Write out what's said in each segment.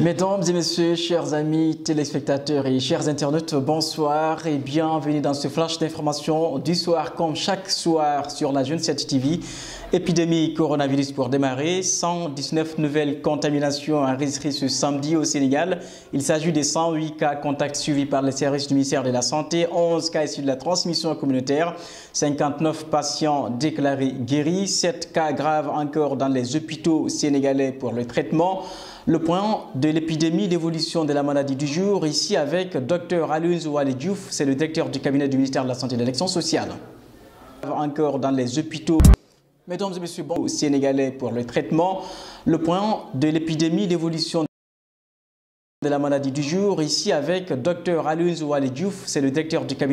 Mesdames et messieurs, chers amis téléspectateurs et chers internautes, bonsoir et bienvenue dans ce flash d'information du soir comme chaque soir sur la Jeune 7 TV. Épidémie coronavirus pour démarrer, 119 nouvelles contaminations enregistrées ce samedi au Sénégal. Il s'agit des 108 cas contacts suivis par les services du ministère de la Santé, 11 cas issus de la transmission communautaire, 59 patients déclarés guéris, 7 cas graves encore dans les hôpitaux sénégalais pour le traitement. Le point de l'épidémie d'évolution de la maladie du jour, ici avec Dr Alun Zouali c'est le directeur du cabinet du ministère de la Santé et de l'élection sociale. Encore dans les hôpitaux. Mesdames et messieurs, bon, Sénégalais pour le traitement. Le point de l'épidémie d'évolution de la maladie du jour, ici avec Dr Alun Zouali c'est le directeur du cabinet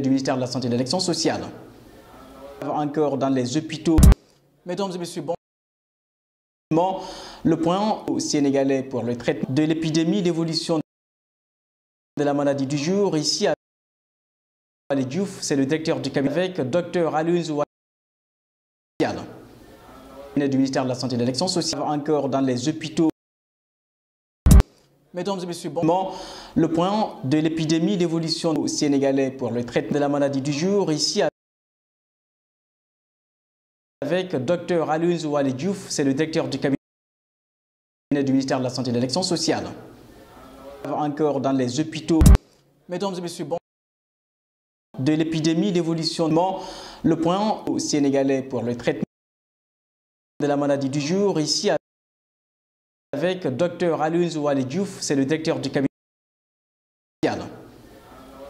du ministère de la Santé et de l'élection sociale. Encore dans les hôpitaux. Mesdames et messieurs, le point sénégalais pour le traitement de l'épidémie d'évolution de la maladie du jour, ici à Diouf, c'est le directeur du cabinet avec Dr Alun du ministère de la Santé et de l'Action sociale, encore dans les hôpitaux. Mesdames et messieurs, bon, le point de l'épidémie d'évolution sénégalais pour le traitement de la maladie du jour, ici à avec Dr Alun Zouali c'est le directeur du cabinet du ministère de la Santé et de l'Action sociale. Encore dans les hôpitaux. Mesdames et messieurs, bon de l'épidémie d'évolutionnement, le point au Sénégalais pour le traitement de la maladie du jour, ici avec Dr Alun Zouali Diouf, c'est le directeur du cabinet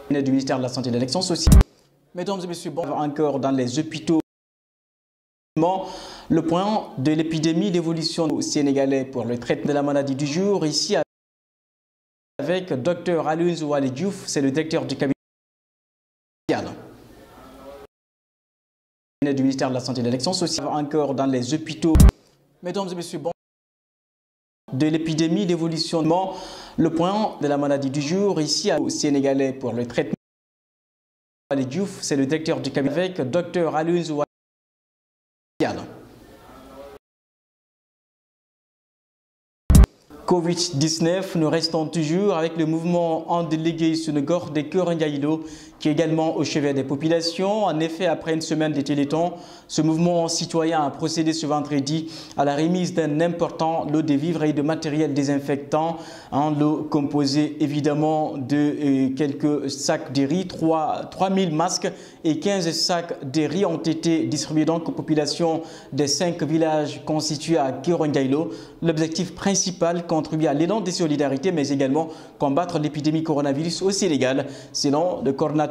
du ministère de la Santé et de l'Action sociale. Mesdames et messieurs, bon encore dans les hôpitaux. Le point de l'épidémie d'évolution sénégalais pour le traitement de la maladie du jour, ici avec Docteur Alun Zouali Diouf, c'est le directeur du cabinet du ministère de la Santé et de l'Action sociale, encore dans les hôpitaux. Mesdames et messieurs, bon de l'épidémie d'évolution, le point de la maladie du jour, ici au Sénégalais pour le traitement. jour, c'est le directeur du cabinet avec Docteur Alun Covid-19, nous restons toujours avec le mouvement en sur le gore des Cœurs qui est également au chevet des populations. En effet, après une semaine de Téléthons, ce mouvement citoyen a procédé ce vendredi à la remise d'un important lot de vivres et de matériel désinfectant, un lot composé évidemment de euh, quelques sacs de riz, 3, 3000 masques et 15 sacs de riz ont été distribués donc aux populations des cinq villages constitués à Kirongailo. L'objectif principal, contribue à l'élan des solidarités, mais également combattre l'épidémie coronavirus aussi Sénégal, selon le coordinateur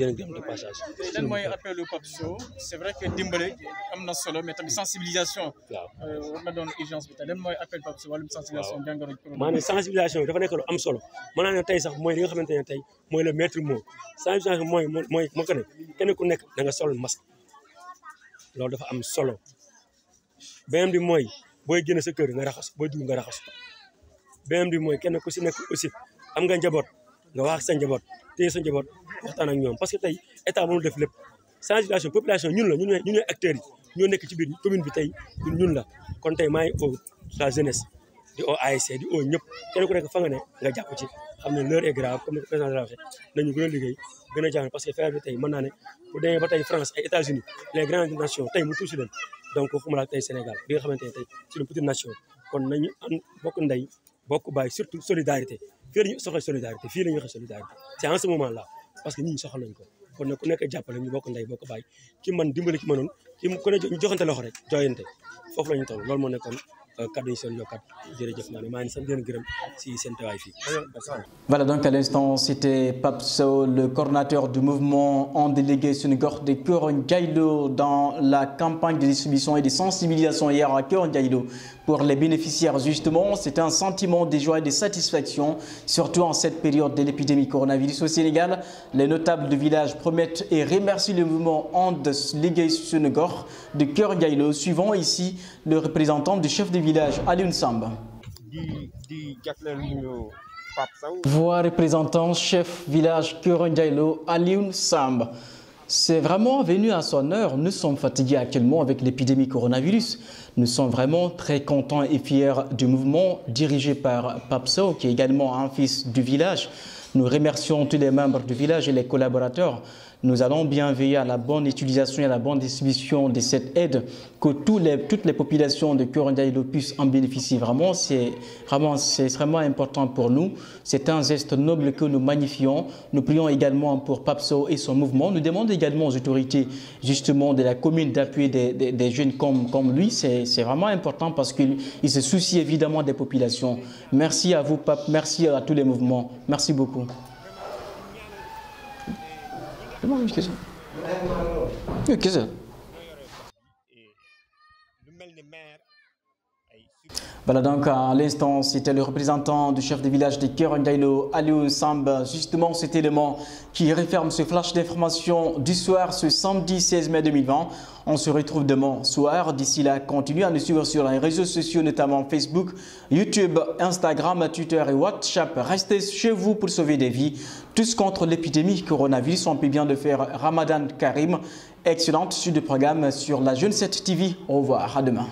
dina gëm de passage. lan mooy appelu Pape Sow c'est vrai que dimbale am na solo mais tamit sensibilisation. Euh war na doon urgence bi lan moy appel Pape Sow wàllum sensibilisation. jàngoro maanaam sensibilisation dafa nek lu am solo maanaam ne tey sax moy li nga xamante tay moy le maître mot sensibilisation moy moy moo ko ne kenn ku nekk da nga solo masque loolu dafa am solo beneen di moy boy génn sa kër nga raxas boy dugg nga raxas beneen di moy kenn ku ci nek aussi am nga njaboot nga wax sa njaboot téye sa njaboot waxtaan ak ñoom parce que tey état mënul def lépp sensibilisation population ñun la ñun ñooy acteurs yi ñoo nekk ci biir commune bi tey ñun ñun la kon tey maa ngi au sa jeunesse di au ASC di au ñëpp kenn ku nekk fa nga ne nga jàpp ci xam ne l'heure est grave comme ni ko président de la waxee nañu gën a liggéey gën a jaaxle parce que faire bi tey mën naa ne bu demee ba tey France ay États-Unis les grandes nations tey mu tuuti leen donc xuma laa tey Sénégal bi nga xamante ne tey ci une petite nation kon nañu an bokk ndey bokk bàyyi surtout solidarité fii la ñuy solidarité fii la ñuy waxee solidarité c'est en ce moment là parce que ñun soxla nañ ko kon nag ku nekk jàppale ñu bokk ndey bokk baay ki man dimbali ki mënoon ki ku ne joxante loxo rek jooyante foofu la ñu toll loolu moo Euh, voilà donc à l'instant c'était Pape Sow le coordinateur du mouvement en délégué Sunu de Kër Gailo dans la campagne de distribution et de sensibilisation hier à Cœur Gailo. pour les bénéficiaires justement c'est un sentiment de joie et de satisfaction surtout en cette période de l'épidémie coronavirus au Sénégal les notables du village promettent et remercient le mouvement en délégué de Kër suivons suivant ici le représentant du chef de village village Samba. Voix représentant chef village Kurundjailo Aliun Samba. C'est vraiment venu à son heure. Nous sommes fatigués actuellement avec l'épidémie coronavirus. Nous sommes vraiment très contents et fiers du mouvement dirigé par Papso, qui est également un fils du village. Nous remercions tous les membres du village et les collaborateurs. Nous allons bien veiller à la bonne utilisation et à la bonne distribution de cette aide, que tous les, toutes les populations de et puissent en bénéficier. Vraiment, c'est vraiment, extrêmement important pour nous. C'est un geste noble que nous magnifions. Nous prions également pour Papso et son mouvement. Nous demandons également aux autorités, justement, de la commune d'appuyer des, des, jeunes comme, comme lui. C'est c'est vraiment important parce qu'il se soucie évidemment des populations. Merci à vous, Pape. Merci à tous les mouvements. Merci beaucoup. Voilà donc à l'instant, c'était le représentant du chef de village de Kerongailo, Aliou Samba. Justement, cet élément qui referme ce flash d'information du soir ce samedi 16 mai 2020. On se retrouve demain soir. D'ici là, continuez à nous suivre sur les réseaux sociaux, notamment Facebook, YouTube, Instagram, Twitter et WhatsApp. Restez chez vous pour sauver des vies. Tous contre l'épidémie coronavirus, on peut bien de faire Ramadan Karim. Excellente suite de programme sur la Jeune 7 TV. Au revoir, à demain.